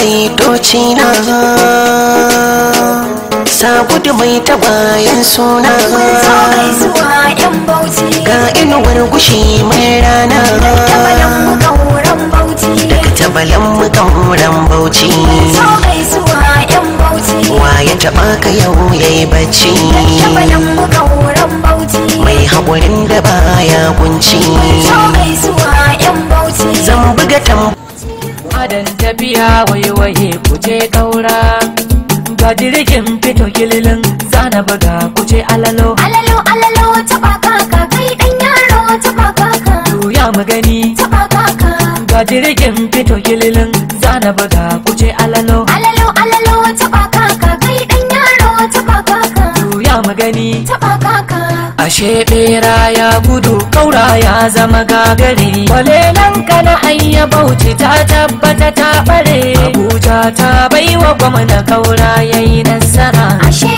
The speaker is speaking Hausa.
mai doci na sabudu mai ta suna ga inuwar gushi mai rana daga tabalan mu kauran bauchi wa ya taba ka yau yayi bacci mai haƙurin da baya kunci zan buga tambaya madan tafiya waiwaye ku je kaura ga jirgin fito kililin zana buga ku je alalo alalo alalo taba kaka kai dan yaro taba kaka duya magani taba kaka ga jirgin fito kililin zana buga ku je alalo alalo alalo taba kaka kai dan yaro taba kaka duya magani taba kaka ashe bera ya gudu kaura ya zama gagari walela ta bauchi ta tabbata ta bare abuja ta baiwa gwamna kaura yayi nasara